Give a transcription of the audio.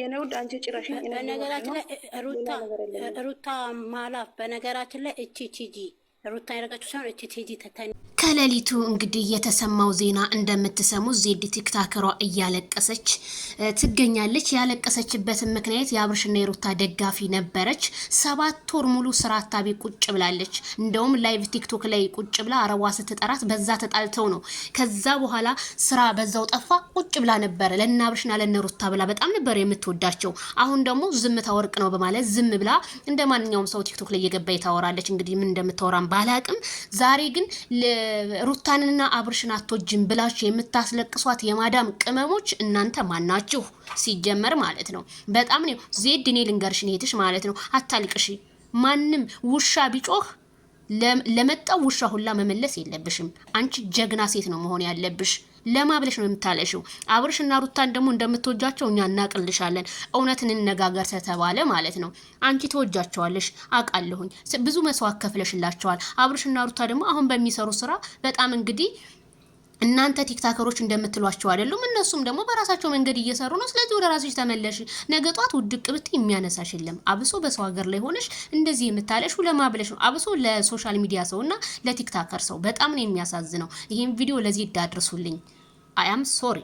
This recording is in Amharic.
የኔ ውድ አንቺ ጭራሽ በነገራችን ላይ ሩታ ማላፍ በነገራችን ላይ እቺ ቺጂ ሩታ ያደረጋችሁ ሳይሆን እቺ ቺጂ ተተን በሌሊቱ እንግዲህ የተሰማው ዜና እንደምትሰሙ ዜድ ቲክታከሯ እያለቀሰች ትገኛለች። ያለቀሰችበትን ምክንያት የአብርሽና የሩታ ደጋፊ ነበረች። ሰባት ወር ሙሉ ስራ አታቢ ቁጭ ብላለች። እንደውም ላይቭ ቲክቶክ ላይ ቁጭ ብላ አረቧ ስትጠራት በዛ ተጣልተው ነው። ከዛ በኋላ ስራ በዛው ጠፋ። ቁጭ ብላ ነበረ ለእነ አብርሽና ለእነ ሩታ ብላ በጣም ነበር የምትወዳቸው። አሁን ደግሞ ዝምታ ወርቅ ነው በማለት ዝም ብላ እንደ ማንኛውም ሰው ቲክቶክ ላይ እየገባ ታወራለች። እንግዲህ ምን እንደምታወራም ባላቅም ዛሬ ግን ሩታንና አብርሽን አቶጅን ብላችሁ የምታስለቅሷት የማዳም ቅመሞች እናንተ ማናችሁ? ሲጀመር ማለት ነው። በጣም ነው ዜድ እኔ ልንገርሽ እህትሽ ማለት ነው። አታልቅሽ። ማንም ውሻ ቢጮህ ለመጣው ውሻ ሁላ መመለስ የለብሽም። አንቺ ጀግና ሴት ነው መሆን ያለብሽ። ለማብለሽ ነው የምታለሽው። አብርሽና ሩታን ደግሞ እንደምትወጃቸው እኛ እናቅልሻለን። እውነት እንነጋገር ተተባለ ማለት ነው። አንቺ ትወጃቸዋለሽ፣ አቃለሁኝ ብዙ መስዋዕት ከፍለሽላቸዋል። አብርሽና ሩታ ደግሞ አሁን በሚሰሩ ስራ በጣም እንግዲህ እናንተ ቲክታከሮች እንደምትሏቸው አይደሉም። እነሱም ደግሞ በራሳቸው መንገድ እየሰሩ ነው። ስለዚህ ወደ ራስሽ ተመለሽ። ነገ ጧት ውድቅ ብት የሚያነሳሽ የለም። አብሶ በሰው ሀገር ላይ ሆነሽ እንደዚህ የምታለሽ ለማብለሽ ነው። አብሶ ለሶሻል ሚዲያ ሰው እና ለቲክታከር ሰው በጣም ነው የሚያሳዝነው። ይህም ቪዲዮ ለዚህ አድርሱልኝ። አይ አም ሶሪ